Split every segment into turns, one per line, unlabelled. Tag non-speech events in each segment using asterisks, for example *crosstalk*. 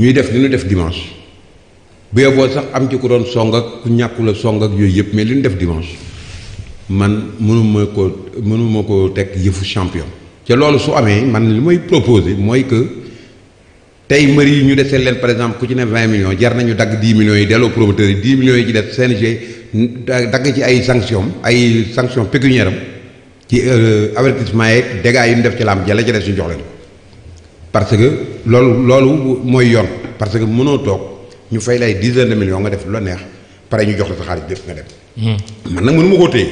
ñuy def li ñu def dimanche bu boo sax am ci ku doon song ak ku ñàkkula song ak yooyu yëpp mais li ñu def dimanche man mënuma ko mënuma ko teg yëfu champion te loolu su amee man li may proposer mooy que tey mari yi ñu desee leen par exemple ku ci vingt millions jar nañu dagg dix millions yi delloo promoteur yi dix millions yi ci dagg ci ay sanction ay sanction pécuniaire ci euh, avertissement yeeg dégâts yi ñu def ci laam jala ca des ñu jox leen parce que loolu loolu mooy yoon parce que mënoo toog ñu fay lay dizaine de millions nga def lu la neex pare ñu jox la sa xaalis def nga dem. Hmm. man nag mënuma koo téye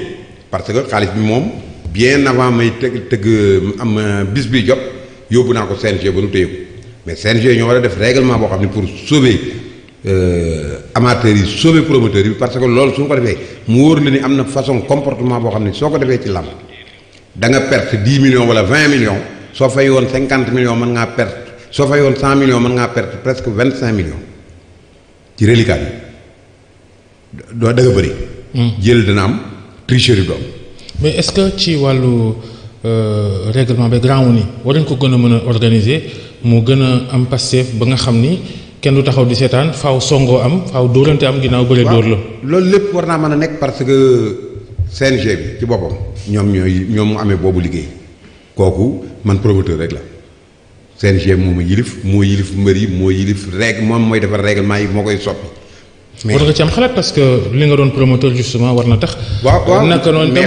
parce que xaalis bi moom bien avant may tëgg tëgg am euh, bis bi jot yóbbu naa ko CNG ba nu téye ko mais CNG ñoo war a def règlement boo xam ne pour sauver euh, amateurs yi sauver promoteurs yi parce que loolu su ko defee mu wóor la ni am na façon comportement boo xam ne soo ko defee ci làmb da nga perte dix millions wala vingt millions. soo fay woon cinquante million mën ngaa perte soo fay woon cent millions man ngaa perte presque vingt cinq millions ci reliquat yi doo da nga bëri. Hmm. jël dana am tricherie doom
mais est-ce que ci wàllu euh, règlement bi grand wu ni waruñ ko gën a mën a organiser moo gën a am Pastef ba nga xam ni kenn du taxaw di seetaan faw songoo am faaw dóorante am ginaaw bëree dóor la.
loolu lépp war naa mën a nekk parce que CNG bi ci boppam. ñoom ñooy ñoom mu amee boobu liggéey. kooku man promoteur rek la CNG moom a yilif moo yilif mbër yi moo yilif règle moom mooy defar règlement yi moo koy soppi.
mais xalaat parce que li nga doon promoteur justement war na
tax. waaw
waaw naka noonu bi.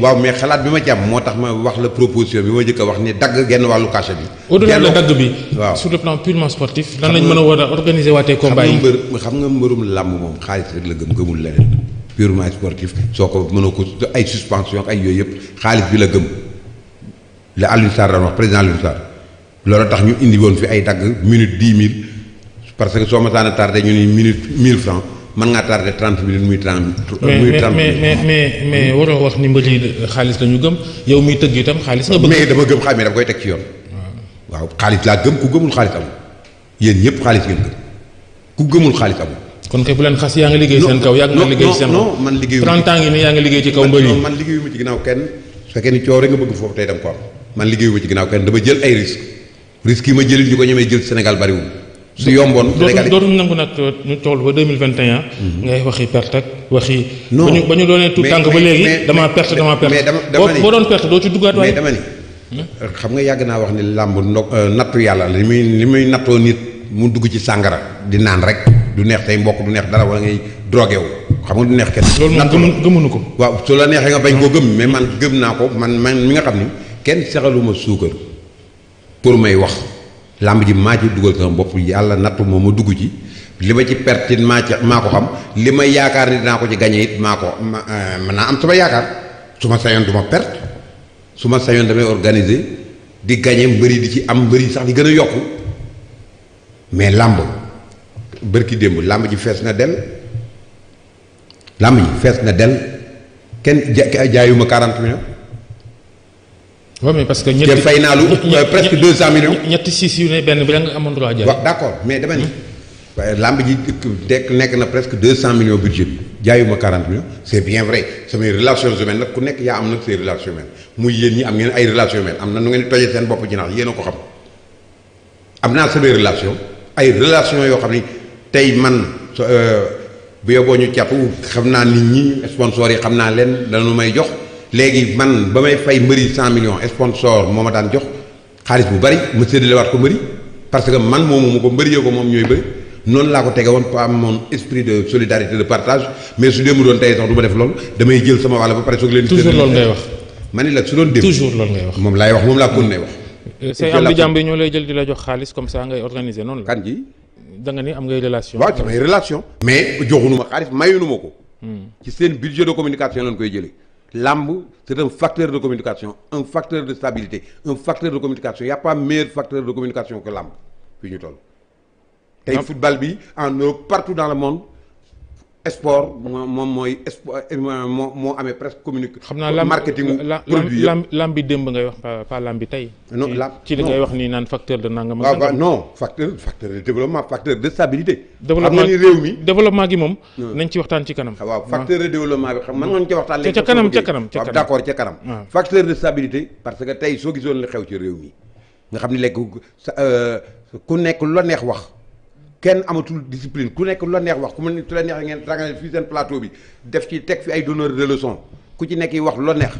waaw mais xalaat bi ma ci moo tax ma wax la proposition bi ma jëkk wax ni dagg genn wàllu cachet bi. au delà dagg bi. waaw sur
le plan purement sportif. lan lañ mën a war a organiser waatee combat yi xam nga
mbër xam nga mbërum làmb moom xaalis rek la gëm gëmul leneen. purement sportif soo ko mënoo ko ay suspension ay yooyu yëpp xaalis bi la gëm la Alioune Sarr daan wax président Alioune Sarr loolu tax ñu indi woon fi ay dagg minute dix mille parce que soo ma saan a tardé ñu ni minute mille francs mën ngaa tardé trente minutes muy trente. muy trente mais mais
mais mais waroo wax xaalis la ñu gëm
yow muy tëgg itam xaalis nga bëgg. dama gëm xaalis mais dama koy teg ci yoon. waaw xaalis laa gëm ku gëmul xaalis amul yéen ñëpp xaalis ngeen gëm ku gëmul xaalis amul. kon bu leen xas yaa ngi liggéey seen seen kaw non man liggéeyu 30 ans yi ne yaa ngi liggéey ci kaw mbër yi man liggéeyuma ci ginnaaw kenn su fekkee ni coow rek jël ay risque risque euh, ba
2021 mhm. ngay waxi perte ak waxi non ba ñu doonee tout tànk ba dama perte dama perte boo doon perte doo
xam nga yàgg naa wax ni làmb ndo euh, nattu yàlla li muy li muy nattoo nit mu dugg ci sàngara di naan rek du neex tey mbokk du neex dara wala ngay drogué wu xam nga du neex kenn. loolu moom gëmuñu ko. waaw su la neexee nga bañ koo ah. gëm mais man gëm naa ko man man mi nga xam ni kenn saxaluma suukar pour may wax làmb ji maa ci dugal sama bopp yàlla nattu moo ma dugg ci li ma ci pertin maa ci maa ko xam li ma yaakaar ni dinaa ko ci gañe it maa ko ma euh, mën naa am sama yaakaar su ma sañoon du ma perte su ma sañoon damay organiser di gañe mbëri di ci am mbëri sax di gën a yokku mais làmb. bërki démb làmb ji fees na del làmb ji fees na del kenn jaayuma 40 millions. waaw mais parce que naa lu euh, presque
200 benn bi da nga amoon droit jaay. mais dama ni. Hmm?
waaye làmb ji dekk nekk na presque 200 millions budget bi jaayuma 40 millions c'est bien vrai samay relations humaines nag ku nekk yaa am nag say relations humaines muy yéen ñi am am na nu ngeen di tojee seen bopp a am naa samay relation ay relation yoo xam ni. tey man euh, bu yóbboo ñu càpp xam naa nit ñi sponsor yi xam naa leen dañu may jox léegi man ba may fay mbëri cent millions sponsor moo ma daan jox xaalis bu bari ma séddalewaat ko mbëri parce que man moomu mu ko mbëri ko moom ñooy bëri noonu laa ko tege woon pa amoon esprit de solidarité de partage mais ma def loolu damay jël sama wàll ba pare soog leen. toujours loolu ngay wax. ma ne la su doon démb toujours loolu ngay wax. moom laa ko nay wax. say am di jàmb
ñoo lay jël di la jox xaalis comme saa
ngay organiser noonu la. da nga ni am ngay relation. waaw ci relation. mais joxunu ma xaalis mayunu ma ko. Hmm. ci seen budget de communication lañ koy jëlee. làmb c'est un facteur de communication un facteur de stabilité un facteur de communication y a pas meilleur facteur de communication que làmb fi ñu toll. tey football bi en Europe partout dans le monde. sport moom mooy sport eh, moo moo amee presque communique. xam naa lam marketing produit
yëpp lam bi démb ngay wax pas lam bi tey. non lam ci li ngay wax nii naan facteur de nangam. waaw waaw
non facteur facteur de développement facteur de stabilité. développement am na ni réew
mi gi moom. nañ ci
waxtaan ci kanam. Ah, waaw ah. facteur de développement bi xam mën nga ñu ci waxtaan. léegi ca kanam ca kanam ca kanam d'accord ca kanam. Ah. facteur de stabilité parce que tey soo gisoon li xew ci réew mi nga xam ni léegi ku euh, nekk lu la neex wax. kenn amatul discipline ku nekk lu la neex wax ku mu tu la neex ngeen rangale fii seen plateau bi def ci teg fi ay donneur de ku ci nekk yi wax lu neex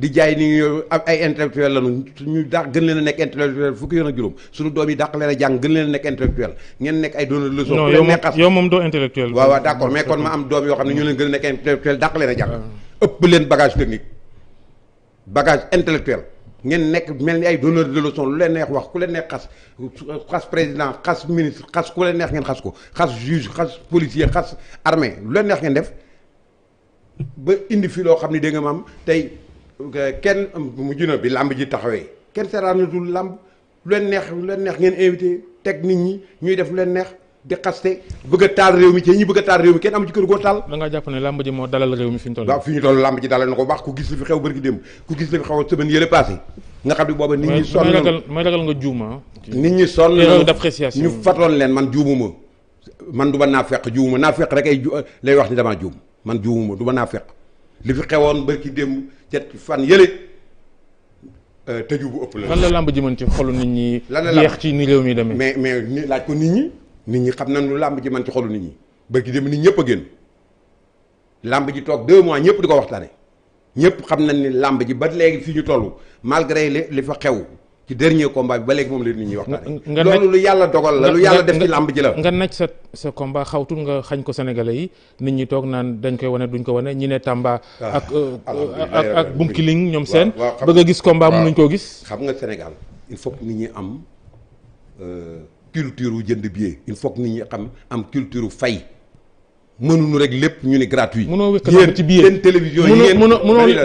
di jaay ni ay intellectuel lañu suñu dàq gën leen a nekk intellectuel fukki yoon ak juróom suñu doom yi dàq leen a jàng gën leen a nekk intellectuel ngeen nekk yow moom doo intellectuel waaw waaw d'accord mais kon ma am doom yoo xam ne ñu leen gën a nekk intellectuel dàq leen a jàng ah. ëpp leen bagage ngeen nekk mel ni ay donneur de leçon lu leen neex wax ku leen neex xas xas président xas ministre xas ku leen neex ngeen xas ko xas juge xas policier xas armée lu leen neex ngeen def ba indi fi loo xam ni dégg nga maam tey kenn mujj na bi làmb ji taxawee kenn seeraanatul làmb lu leen neex lu leen neex ngeen invité teg nit ñi ñuy def lu leen neex. di xaste bëgg a taal réew mi ci ñi bëgg a taal réew mi kenn amu ci kër goo taal da jàpp ne làmb ji moo dalal réew mi fi ñu toll waaw fi ñu toll ñi sonn
may ragal nga juuma
ah. leen man juumuma man du ma naa feq juumuma naa feq rek ay wax ni damaa man juumuma du ma naa feq li fi xewoon bërki démb ca fan yële euh, tëju bu ëpp la lan la làmb
ji mën ci xolu nit ñi yeex ci ni
réew mi demee mais mais laaj ko nit ñi nit ñi xam nañ lu làmb ji man ci xolu nit ñi bërki dem nit ñëpp a génn làmb ji toog deux mois ñëpp di ko waxtaane ñëpp xam nañ ni làmb ji ba léegi fi ñu toll malgré li fa xew ci dernier combat bi ba léegi moom la nit ñi waxtaane loolu lu yàlla dogal la yàlla def ci làmb ji la nga
naj sa sa combat xawtul nga xañ ko sénégalais yi nit ñi toog naan dañ koy wane duñ ko wane ñi ne Tamba ah, euh, ak ak ak Bunkiling ñoom seen bëgg a gis kombaa combat mënuñ koo gis
xam nga Sénégal il faut que am euh, culture wu jënd billet il faut que nit ñi xam am culture fay. mënuñu rek lépp ñu ni gratuit. mënoo wékk làmb ci billet yéen seen télévision yi ngeen.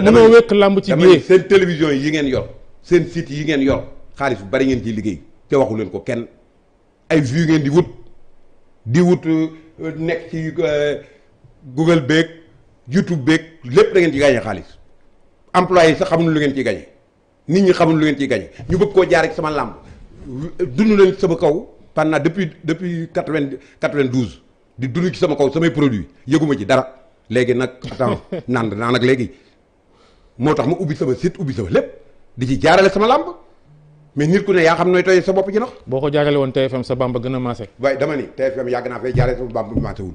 mënoo wékk làmb ci billet seen télévision yi ngeen yor. seen site yi ngeen yor xaalis bu bari ngeen ciy liggéey te waxu leen ko kenn ay vues ngeen di wut di wut euh, nekk ci euh, Google beeg YouTube beeg lépp da ngeen ci gagné xaalis employé sa xamuñu lu ngeen ci gagné nit ñi xamuñu lu ngeen ci gagné ñu bëgg koo jaar ak sama làmb dund leen sama kaw. pendant depuis depuis quatre vingt quatre vingt douze di dund ci sama kaw samay produit yëguma ci dara léegi nag attends *laughs* naan naa nag léegi moo tax ma ubbi sama site ubbi sama lépp di ci jaarale sama làmb mais xam nooy tooy sa bopp ji nax boo ko jaarale woon
TFM sa bamba gën a
waaye dama ni TFM yàgg naa fay jaarale sama bamba maasewul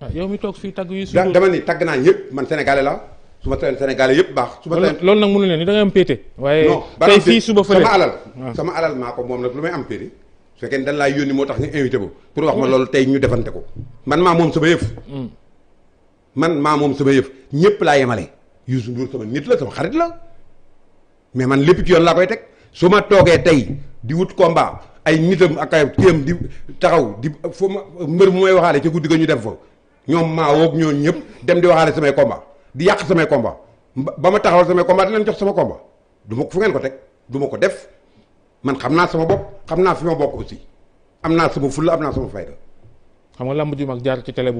ah naa ñëpp man sénégalais la su yëpp baax su
ma loolu nag mënu leen ni da ngay am péete waaye alal
ah. sama alal maa ko moom nag lu may am péete fekkee ne laa yónni moo tax ñu invité pour wax ma loolu tey ñu defante ko man maa moom sama yëf. Mm. man maa moom sama yëf ñëpp laa yemale Youssou Ndour sama nit la sama xarit la mais man lépp ci yoon laa koy teg su ma toogee tey di wut combat ay nitam ak ay kéem di taxaw di fu ma mbër mu may waxaale ci guddi ga ñu def fa ñoom maa woog ñoom ñëpp dem di waxaale samay combat di yàq samay komba ba ma taxawal samay combat di leen jox sama combat duma ko fu ngeen ko teg du ko def man xam naa sama bopp xam naa fi ma bokk aussi am naa sama fulla am naa sama fayda
xam nga làmb ju mag jaar ci tele bu